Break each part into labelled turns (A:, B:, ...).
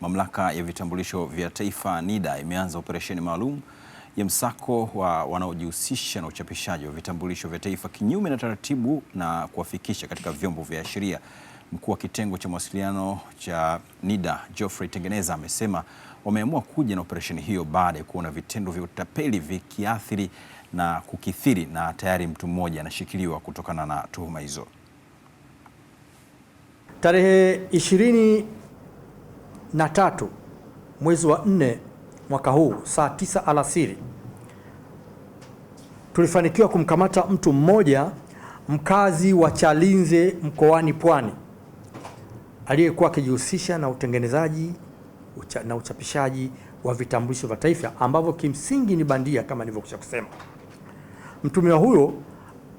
A: Mamlaka ya Vitambulisho vya Taifa NIDA imeanza operesheni maalum ya msako wa wanaojihusisha na uchapishaji wa vitambulisho vya taifa kinyume na taratibu na kuwafikisha katika vyombo vya sheria. Mkuu wa kitengo cha mawasiliano cha NIDA Geoffrey Tengeneza amesema wameamua kuja na operesheni hiyo baada ya kuona vitendo vya utapeli vikiathiri na kukithiri na tayari mtu mmoja anashikiliwa kutokana na tuhuma hizo.
B: Tarehe na tatu mwezi wa nne mwaka huu saa tisa alasiri tulifanikiwa kumkamata mtu mmoja mkazi wa Chalinze mkoani Pwani aliyekuwa akijihusisha na utengenezaji ucha, na uchapishaji wa vitambulisho vya taifa ambavyo kimsingi ni bandia kama nilivyokusha kusema. Mtumiwa huyo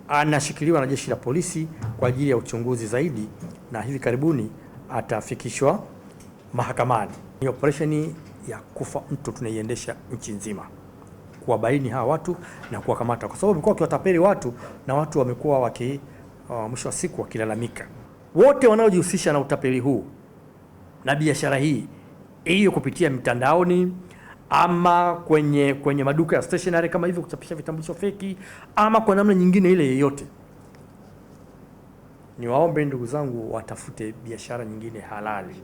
B: anashikiliwa na jeshi la polisi kwa ajili ya uchunguzi zaidi na hivi karibuni atafikishwa mahakamani. Ni operesheni ya kufa mtu tunaiendesha nchi nzima kuwabaini hawa watu na kuwakamata, kwa sababu wamekuwa wakiwatapeli watu na watu wamekuwa waki uh, mwisho wa siku wakilalamika. Wote wanaojihusisha na utapeli huu na biashara hii hiyo kupitia mitandaoni ama kwenye kwenye maduka ya stationery kama hivyo, kuchapisha vitambulisho feki ama kwa namna nyingine ile yeyote niwaombe ndugu zangu watafute biashara nyingine halali.